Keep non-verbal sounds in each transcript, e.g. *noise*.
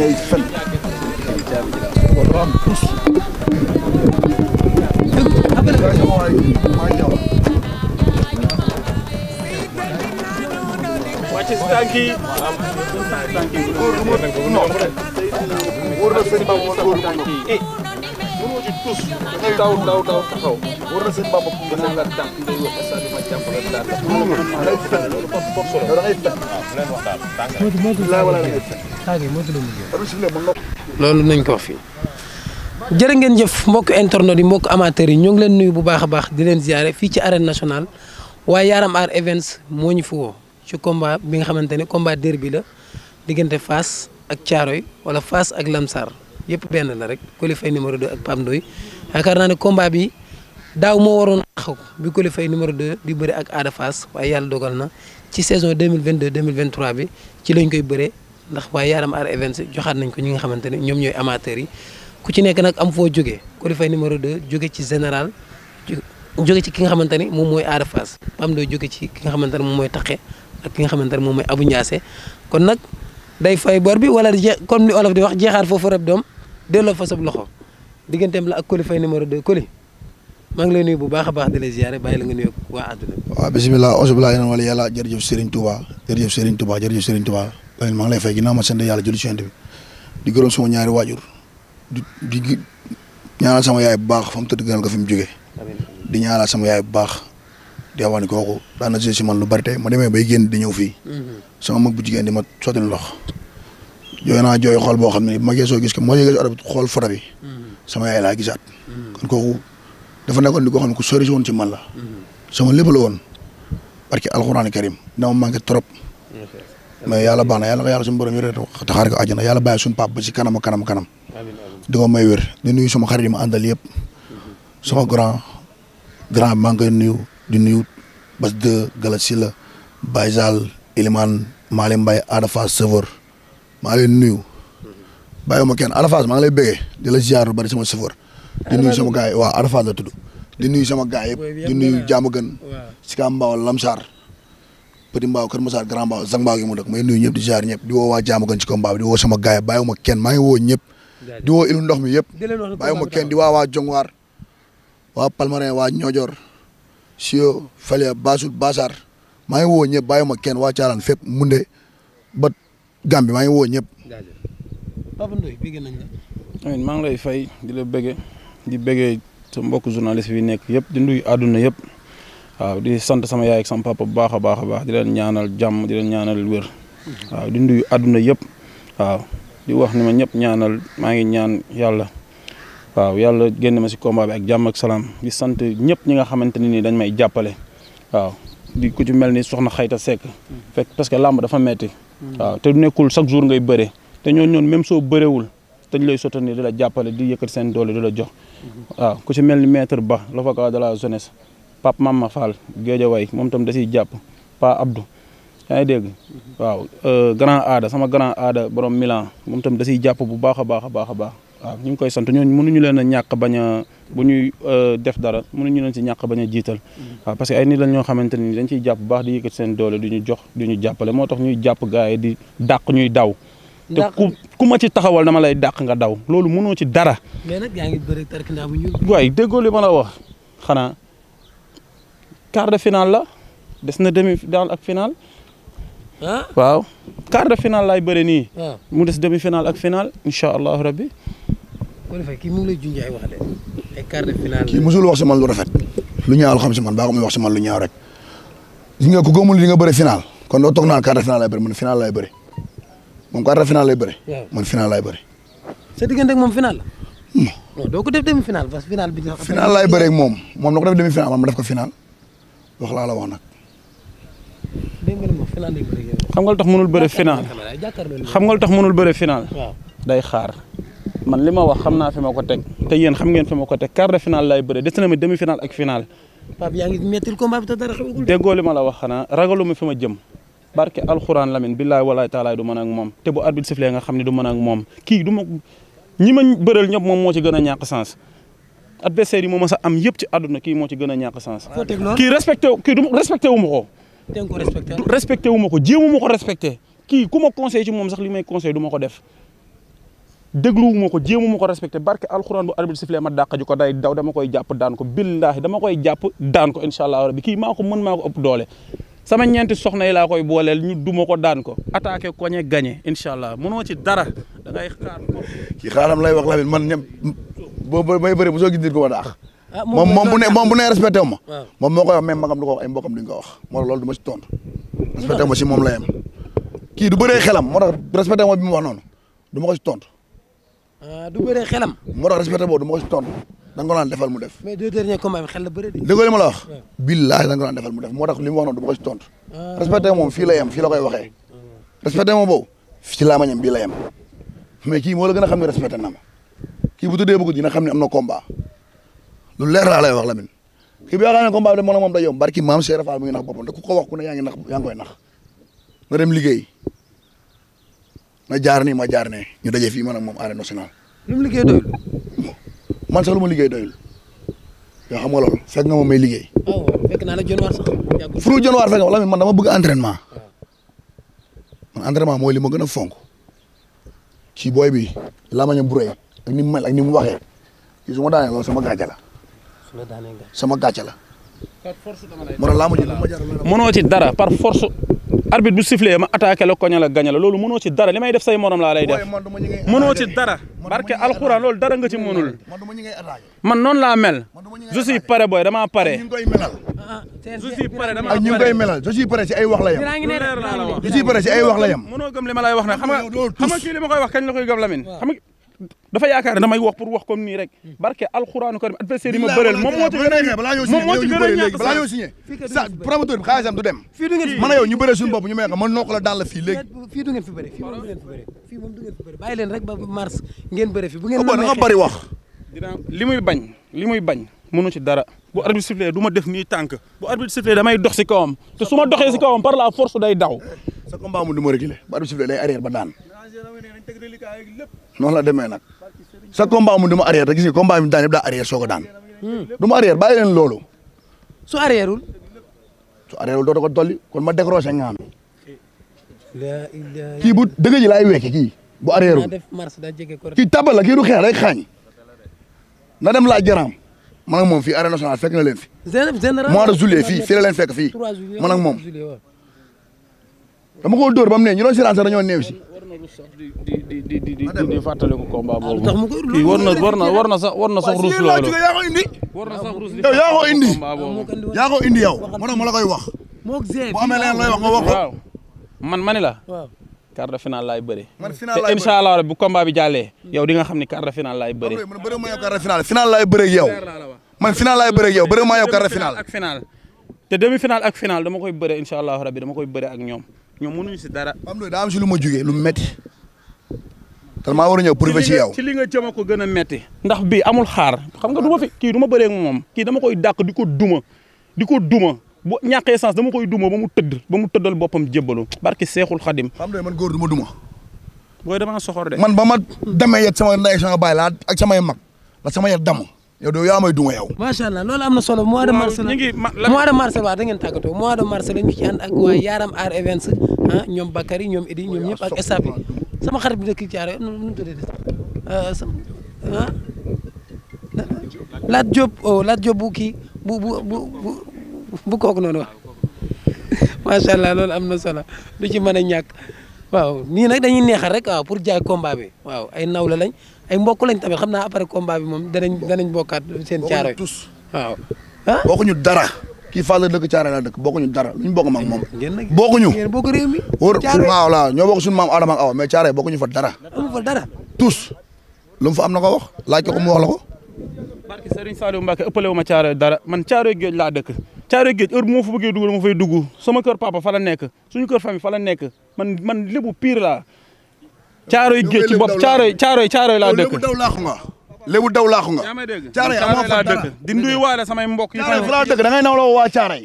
ngay fen wala am tus wàcc si tànk yi góor du ma non góor na sëñ Ba moo góor tus daw daw daw taxaw war na loolu nañ ko fi fii ngeen jëf mbokk internet yi mbokk amateurs yi ñoo ngi leen nuyu bu baax a baax di leen ziare fii ci arène national waaye Yaram Art Events moo ñu fi woo ci combat bi nga xamante ne combat derby la diggante fas ak Thiaroye wala Fass ak Lamsar yëpp benn la rek Coly Faye numéro 2 ak Pape yaakaar naa ne combat bi daaw moo waroon taxaw bi Coly Faye numéro 2 di bëre ak Ada Fass waaye yàlla dogal na ci saison mille 2022 2023 bi ci lañ koy bëree ndax waaye yaaram Art Events joxaat nañ ko ñi nga xamante ne ñoom ñooy amateurs yi ku ci nekk nag am foo jógee Coly Faye numéro 2 jóge ci général jóge ci ki nga xamante ni moom mooy Ada Fass Pape jóge ci ki nga xamante ne moom mooy Taxe ak ki nga xamante ne moom mooy Abou Ndiassé kon nag day fay bor bi wala comme ni olof di wax jeexaat foofu rek doom delloo fa sab loxo digganteem la ak Coly Faye numéro 2 Coly maa ngi lay nuyu bu baax a baax di la ziare bàyyi la nga nuyu waa àdduna bi. waaw bisimilah auzubillahi mina wala yàlla jërëjëf Serigne Touba jërëjëf Serigne Touba jërëjëf Serigne Touba maa ngi lay fay ginnaaw ma sant yàlla julli ñaari waajur di di ñaanal sama yaay bu baax fa mu tëdd gënal ko fi mu jógee di ñaanal sama yaay bu baax di wax ni kooku daan na si man lu bari tey ma demee bay génn di ñëw fii mm-hmm. sama mag bu jigéen di ma sotti lox jooy naa jooy xool boo xam ne ma soo gis ko ma geesoo arab xool fara sama yaay laa gisaat mm-hmm. kon kooku dafa nekkoon di ko xam ne ku sori woon ci man la mm-hmm. sama lépp la woon parce que alxuraan karim dama manqué trop mais yàlla baax na yàlla ko yàlla suñu borom yore taxaar ko àjjana yàlla bàyyi suñu pap ba si kanam kanam kanam di ko may wér di nuyu sama xarit yi ma àndal yëpp mm-hmm. sama grand grand nuyu di nuyu bas de Galassi la Baye Sall Iliman Maalim Mbaye Ada Fass Sauveur maa leen nuyu bàyyiwuma kenn Ada Fass maa ngi lay bëggee di la ziar lu bari sama Sauveur di nuyu sama gars yi waaw la tudd di nuyu sama gars yëpp di nuyu Diamaguène Sicap Mbao di woo waa Diamaguène ci combat bi di woo woo ñëpp di woo ilu ndox mi yëpp bàyyiwuma kenn di waa waa Jongwaar waa Palmarin waa Ñojoor Sio Falia Bassoul Bassar maa ngi woo ñëpp bàyyi ma kenn waa Thiarane fépp munde ba Gambie maa ngi woo ñëpp. Papa maa ngi lay fay di la bëggee di bëggee sa mbokk journaliste bi nekk yëpp di nuyu àdduna yëpp waaw di sant sama yaay ak bu baax a baax a baax di leen ñaanal jàmm di leen ñaanal wér. waaw di àdduna yëpp waaw wax ni ma ñëpp ñaanal maa ngi ñaan yàlla waaw yàlla génn ma si combat bi ak jàmm ak salaam di sant ñëpp ñi nga xamante ne ni dañ may jàppale waaw. di ku ci mel ni soxna xayta sekk hmm. fekk parce que làmb dafa metti hmm. waaw te nekkul chaque jour ngay bëre te ñoo ñoon même soo bërewul dañ lay soutenir di la jàppale di yëkkati seen doole di la jox hmm. waaw ku ci mel ni maître ba l'avocat de la jeunesse Pape Mama Fall Guédiawaye moom itam da ciy jàpp Pa Abdou yaa ngi dégg waaw euh, grand aada sama grand aada borom Milan moom itam da jàpp bu a baax a baax a baax waaw ñu ngi koy sant ñooñu mënuñu leen a ñàkk bañ bu ñuy euh, def dara ñu leen si ñàkk bañ a jiital mm-hmm. parce que ay nit lañ ñoo xamante ni dañ ciy jàpp baax di yëkkati seen doole du ñu jox du ñu jàppale moo tax ñuy jàpp gars di dàq ñuy daw te ku ku ma ci taxawal dama lay dàq nga daw loolu mënoo ci dara mais nag yaa ngi bëri tarkindaa bu ñuul waay déggoo li ma la wax xanaa quart de finale la des na demi finale ak finale ah? waaw quart de finale laay bëri nii ah. mu des demi finale ak finale incha allahu rabbi bu defee kii mu ngi lay junj ay wax lu rafet lu ñaaw xam si man baa ko muy wax si lu ñaaw rek gis nga ku gëmul li nga kon doo toog naan quart de finale lay bëri man final lay bëri moom quart de finale lay bëri. man final lay bëri. sa hmm. ko def demi final parce que final bi. final laay bëreeg moom moom na ko def demi final man ma def ko final wax laa la wax nag. xam nga lu tax mënul bëre final. xam nga lu tax mënul bëre final. day xaar. man li ma wax xam naa fi ma ko teg te yéen xam ngeen fi ma ko teg quart de finale laay bëre des na ma demi finale ak finale. Pape yaa ngi wax xanaa ragalu ma fi ma jëm barke alxuraan lamin billaay walaay taalaay du mën ak moom te bu arbitre sifflé nga xam ne du mën ak moom kii du ma ñi ma bëral moom moo ci gën a ñàkk sens. adversaire yi moom am yëpp ci kii moo ci gën a ñàkk sens. kii respecté kii du respecté wu ma ko. respecté wu ma ko jéemu ma ko respecté kii ku ma conseil ci sax li may conseil du ma def dégluwuma ko jéemuma ko respecté barke alxuraan bu arbitre sifflé ma ko day daw dama koy jàpp daan ko billaahi dama koy jàpp daan ko allah rabbi kii maa ko mën maa ko ëpp doole sama ñeenti soxna yi laa koy booleel ñu duma ko daan ko attaqué koñe gagné incha allah mënoo ci dara da ngay xaar ki lay wax la man ñem boo may bëri bu soo gis nit ko ma daax ah, moom moom bu ne moom bu ne respecté wu moom moo koy wax même magam du ko wax ay mbokam wax moo loolu du ma si tontu respecté wu ma si moom la kii du bëree xelam moo tax respecté wu ma bi noonu ma ko si tontu ah du bëree xelam. moo tax respecté boobu du ma ko si tontu da a ko defal mu def. mais deux derniers combats de. déggoo ma la wax. billaahi da nga ko naan mu def moo tax li mu wax noonu du ma ko si tontu. Ah. respecté moom la yem fii la koy waxee. respecté moom boobu ci bii la yem mais kii moo la gën xam ne respecté na ma kii bu tuddee bëgg dina xam ne am na combat lu leer laa lay wax Lamine kii bi yaakaar ne combat bi de moom moom day yomb barki maam Cheikh Rafal mu nax boppam te ku ko wax ku na jaar ma jaar ñu daje fi man ak moom arène nationale. lu mu liggéey doyul. man sax lu ma liggéey doyul yoo xam loolu fekk nga ma may liggéey. waaw oh, fekk naa la januar sax. fu ñu januar fekk nga man dama bëgg entraînement man entraînement moo li ma gën a fonk ci booy bi lamañam bu rëy ak ni mu mel ak ni mu waxee ci su ma daanee loolu sama gàcce la. sama gàcce la. par force dama lay mënoo ci dara par force. arbitre bu sifflé ma attaqué la koña la gaña la loolu mënoo ci dara li may def say morom laa lay def mënoo ci dara barke alxuraan loolu dara nga ci man noonu laa mel je suis paré damaa pare je pare si ay wax la yem je suis si ay wax la yem mënoo gëm li ma lay la koy dafa yaakaar ne damay wax pour wax comme nii rek barke alxuraanu karim adversaire yi ma bëreel moom moo ci gën a moom moo ci gën a ñàkk balaa ñoo dem fii du ngeen a yow ñu bëree suñu bopp la daal la fii léegi ba mars ngeen bëre fi bu wax dinaa li bañ li muy ci dara bu arbitre sifflé du ma def nii tànk bu arbitre damay dox si kawam te su ma doxee si kawam par la force day daw sa noonu la demee nag sa combat mu dama arrière te gis nga combat mi daan yëpp daa arrière soo ko daan. Hmm. du ma arrière bàyyi leen loolu. su arrièreul. su arrièreul dootoo ko dolli kon ma décroché nga xam. kii bu dëgg ji laay wekki kii bu arrièreul kii tabal la kii du xeex rek xaañ na dem laaj jaraam man ak moom fii arène nationale fekk na leen fi. mois de juillet fii fii la leen fekk fii man ak moom. dama ko dóor ba mu ne ñu doon si renseigné dañoo néew si. warul sax di di di di di fàttaliku combat ah, boobu. tax na war na war na sax war na sax ruus loolu. yaa ko indi. war na sax ruus yow yaa ko indi. yaa ko indi ma la koy wax. moog Zé bu amee leneen looy wax nga wax ko. man mani la. waaw quart de finale laay bëre. man finale laay bëre te incha allah bu combat bi jàllee. yow di nga xam ni quart de finale laay bëre. man bëre ma yow quart de finale finale laay te demi finale ak finale dama koy bëre incha allah rabbi dama koy bëre ak ñoom ñoom mënuñu si dara. am loolu daa am si lu ma jugee lu métti. te maa war a ñëw prouvé yow ci li nga jëm a ko gën a métti. ndax bi amul xaar xam nga du ma fi kii du ma bëree moom kii dama koy dàq di ko duma di ko duma boo ñàkkee sens dama koy duma ba mu tëdd ba mu tëddal boppam jébbalu barki seexul xadim. xam nga man góor duma duma. booy damaa soxor de. man ba ma demee yet sama ndey ak sama ak samay mag la sama yet damm. yow doo yaa may duma yow. macha allah loolu am na solo mois de mars la mois de mars waaw da ngeen tàggatoo mois de mars la ñu ci ànd ak waa Yaram Art Events ah ñoom Bakary ñoom Idi ñoom ñëpp ak staff bi sama xarit bi dëkk Thiaré nu mu tuddee euh, sama ah Lat Diop oh Lat Diop bu kii bu bu bu bu kooku noonu wax *laughs* macha allah loolu am na solo du ci mën a ñàkk waaw nii nag dañuy neexal rek waaw pour jaay combat bi waaw ay naw la lañ. ay mbokk lañ tamit xam naa après combat bi moom danañ danañ bokkaat seen caaro yi waaw ah bokkuñu dara kii Fall la dëkk caara la dëkk bokkuñu dara luñ bokk maag moom bokkuñu bokk réew mi waaw la ñoo bokk suñu maam Adama ak Awa mais caaro bokkuñu fa dara amu fa dara lu mu fa am na ko wax laaj ko mu wax la ko barke Serigne Saliou Mbacke ëppale wu ma caaro dara man caaro géej laa dëkk caaro géej heure bu ma fa bëggee dugg ma fay dugg sama kër papa fa la nekk suñu kër famille fa la nekk man man lébu pire laa caaroy géej ci bopp caaroy caaroy caaroy laa dëkk lébu daw laaxu nga lébu daw laaxu nga caaroy amoo fa dëkk di nuyu waale samay mbokk yi caaroy fa laa dëkk da ngay nawloo waa caaroy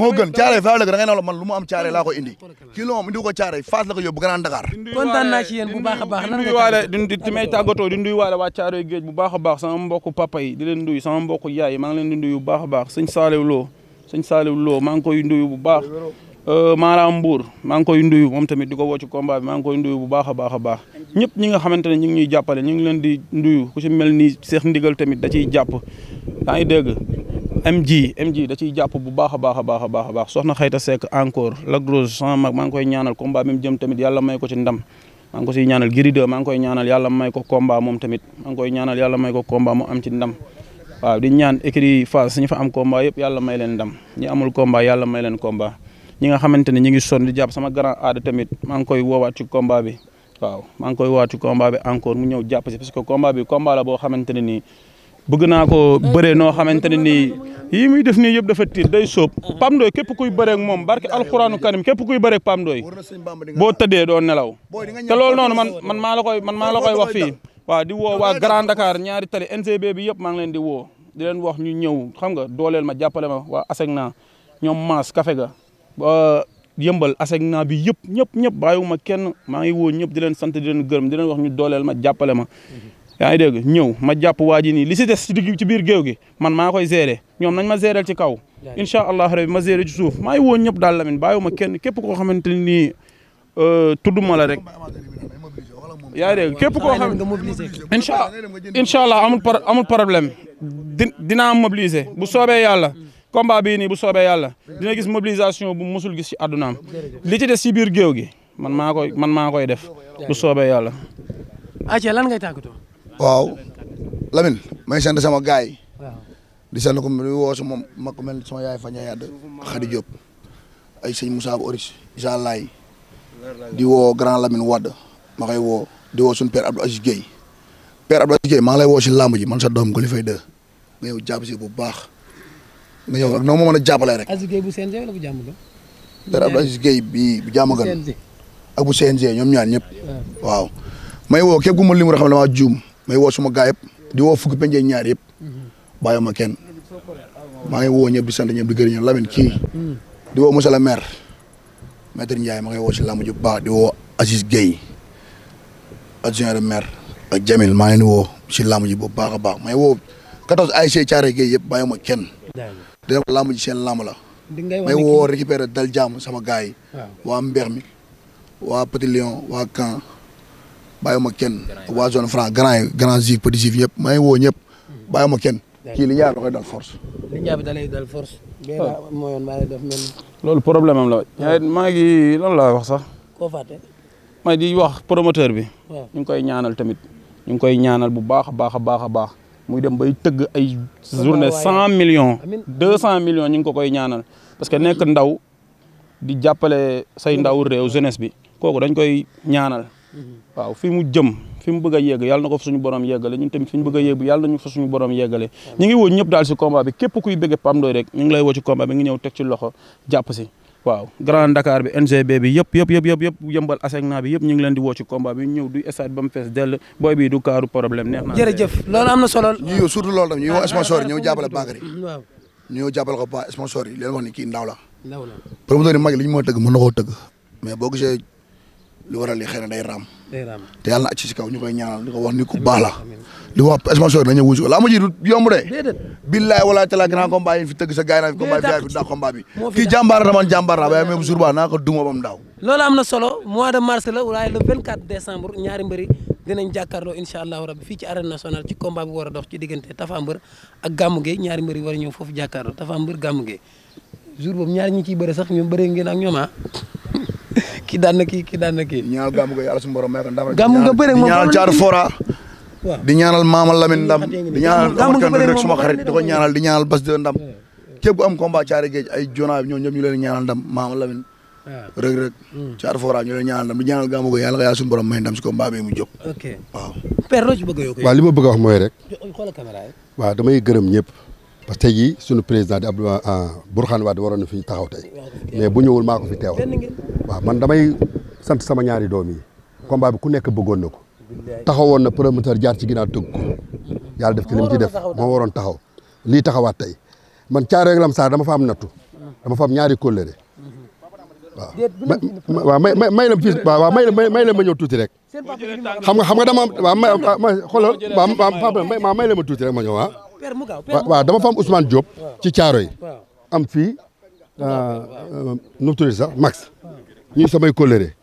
moo gën caaroy fa laa dëkk da ngay nawloo man am caaroy laa ko indi kii la moom indi ko caaroy Fass la ko yóbbu Grand Dakar kontaan naa ci yéen bu baax a baax di nuyu waale di may tàggatoo di nuyu waale géej bu baax a baax sama mbokk papa yi di leen nuyu sama mbokk yaay maa ngi leen di nuyu bu baax a baax sëñ Saliou Lo sëñ Saliou Lo maa ngi koy nuyu bu baax Euh, Mara Mbour maa koy nuyu moom tamit di ko woo ci combat bi maa ngi baax a a baax ñëpp nga xamante ne ñu ngi ñuy jàppale ñu ngi leen di nuyu ku ci mel ni Cheikh Ndigal tamit da jàpp yaa ngi dégg MG MG da ciy jàpp bu baax a baax a baax a baax a baax soxna Xayta Seck encore Lac Rose sama mag maa ngi koy ñaanal combat bi jëm tamit yàlla may ko ci ndam maa ngi ñaanal Gris maa ngi koy ñaanal yàlla may ko combat moom tamit maa ngi koy ñaanal yàlla may ko combat mu am ci ndam waaw di ñaan écrit Fass ñu fa am combat yëpp yàlla may leen ndam ñi amul combat yàlla may leen komba ñi nga xamante ne ñu ngi sonn di jàpp sama grand aada tamit maa ngi koy woowaat ci combat bi waaw maa ngi koy woowaat ci combat bi encore mu ñëw jàpp si parce que combat bi combat boo xamante ne nii bëgg naa ko bëree noo xamante ne nii yii muy def nii yëpp dafa tiir day sóob Pam Ndoy képp kuy bëree ak moom barke alxuraanu karim képp kuy bëree ak Pam Ndoy boo tëddee doo nelaw te loolu noonu man man maa la koy man maa la koy wax fii waa di woo waa Grand Dakar ñaari tali NCB bi yëpp maa ngi leen di woo di leen wax ñu ñëw xam nga dooleel ma jàppale ma waa ASECNA ñoom maas kafe ga yëmbal asegna bi yëpp ñëpp ñëpp bàyyiwuma kenn maa ngi woo ñëpp di leen sant di leen gërëm di leen wax ma jàppale ma mhm. yaa ngi dégg ma jàpp waa ji nii li si des ci digg ci biir géew gi man maa koy gérer ñoom nañ ma ci kaw incha allah rabbi ma gérer ci suuf maa ngi woo ñëpp daal lamin bàyyiwuma kenn képp koo xamante ni euh, tudduma la rek yaa ngi dégg képp koo xam incha incha allah amul amul problème dinaa mobiliser bu soobee yàlla combat bii nii bu soobee yàlla dina gis mobilisation bu musul gis ci àddunaam li ci des ci biir géew gi man maa koy man maa koy def bu soobee yàlla. Athia lan ngay tàggatoo. waaw Lamine may sant sama gars yi. di sant ko di woo sama mag ku mel ne sama yaay Faña Yade di woo grand Lamine Wade ma koy woo di woo suñu père Abdou Aziz Gueye Abdou Aziz maa lay woo si làmb ji man sa doom ko li fay dë nga yow jàpp si bu baax. mais yow nag noo ma a jàppalee rek. Aziz Gueye bu CNG wala bi bu jàmm gën ak bu CNG ñoom ñaar ñëpp. waaw may woo képp ku ma limu rek xam ne juum may woo suma gaa yëpp di woo fukki penjee ñaar yëpp mm-hmm. bàyyi ma kenn maa ngi woo ñëpp di sant ñëpp di gërëm ñëpp Lamine kii. Mm. di woo monsieur le maire maître Ndiaye ma ngay woo si làmb ji bu baax di woo Aziz Gueye adjoint le maire ak Jamil maa ngi leen di woo si làmb ji bu baax a baax may woo 14 ASC Thiaroye Gueye yëpp bàyyi ma kenn. di wax làmb ji seen làmb la. di ngay wax may woo récupéré dal jàmm sama gars yi. waa Mbeer mi waa Petit Lion waa Camp bàyyiwuma kenn waa zone franc grand yi grand juif petit juif ñëpp may woo ñëpp bàyyiwuma kenn. kii li ñaar da koy dal force. li ñaar bi da lay dal force. Oh. loolu la. waaw ah. maa ma di wax promoteur bi. ñu ngi koy ñaanal tamit. ñu ngi koy ñaanal bu baax a baax a baax a baax. muy dem bay tëgg ay journée cent millions deux cent millions ñu ngi ko koy ñaanal parce que nekk ndaw di jàppale say ndaw réew jeunesse bi kooku dañ koy ñaanal waaw fi mu jëm fi mu bëgg a yegg yàlla na ko fa suñu borom yeggale ñu bëgg a yegg yàlla nañu fa ñu ngi woo ñëpp daal si combat bi képp kuy bëgg Pape Ndoye rek ñu ngi lay woo ci combat bi ngi ñëw teg ci loxo jàpp si waaw Grand Dakar bi NGB bi yëpp yëpp yëpp yëpp yëpp yëmbal ASECNA bi yëpp ñu ngi leen di woo ci combat bi ñëw du stade ba mu fees dell booy bi du kaaru problème neex na. jërëjëf loolu am na solo. ñu surtout loolu tam ñu woo sponsor yi ñëw jàppale Bakary waaw ñëw jàppale ko ba sponsor yi leen wax ni kii ndaw la. ndaw la promoteur yi mag li ñu mën tëgg mën na tëgg mais boo gisee li xëy na day raam. day raam te yàlla na acc si kaw ñu koy ñaanal di ko wax ni ku baax la. di wax sponsor nañu wuusi laa ma ji du yomb de. déedéet billaay wala grand combat fi tëgg sa gaay fi daa combat la man jàmbaar la waaye même jour ba na solo la fii ci arène nationale ci combat bu war a dox ci diggante Tapha Mbeur ak Gamou Gueye ñaari mbëri war a ñëw foofu jàkkaarloo Tapha Mbeur Gamou Gueye jour boobu ñaari ñi ciy bëre sax ñoom bëre ngeen ak ah. ki daan na kii kii daan na kii. ñaanal gàmm ko yàlla suñu borom may ko ndam. gàmm nga di ñaanal Mama Lamine di ñaanal Omar Kane rek suma xarit di ko ñaanal di ñaanal Bas de ndam. képp ku am combat caari géej ko yàlla mu jóg. ok waaw. père loo a yokk. waaw li ma bëgg a wax mooy rek. xoolal caméra yi. gërëm ñëpp parce que tey jii suñu président di Abdou ah, Bourkhane Wade waroon na fi taxaw tey mais bu ñëwul maa ko fi teewal waaw man damay sant sama ñaari doom yi combat ku nekk bëggoon na ko taxawoon na promoteur jaar ci ginnaaw tëgg ko yàlla def ci li mu ci def moo waroon taxaw lii taxawaat tey man caaroy lam saar dama fa am nattu dama fa am ñaari kóllëre waaw waaw may may may la fii waaw may may la ma ñëw tuuti rek xam nga xam nga dama waaw ma xoolal waaw may la ma tuuti rek ma ñëw ah waaw dama fa am Ousmane Diop ci Thiaroye am fii nu sax Max ñuy samay kóllëre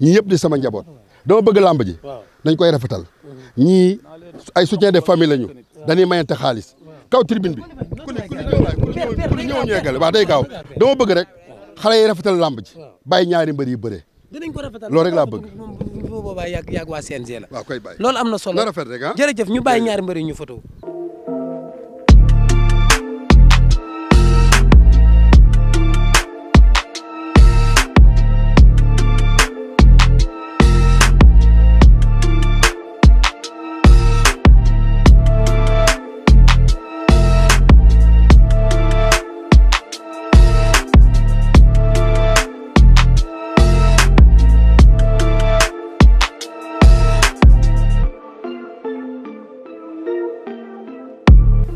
ñi yëpp di sama njaboot dama bëgg làmb ji dañ koy rafetal ñi ay soutien de famille lañu dañuy mayante xaalis kaw tribune bi ku ne ku ne ñëw ñeegale waaw gaaw dama bëgg rek xale yi rafetal làmb ji bàyyi ñaari mbër yi bëree loolu rek laa bëgg boobaa yàgg yàgg waa CNG la a koy bàyyi loolu am na solo na rek ah jërëjëf yi ñu photo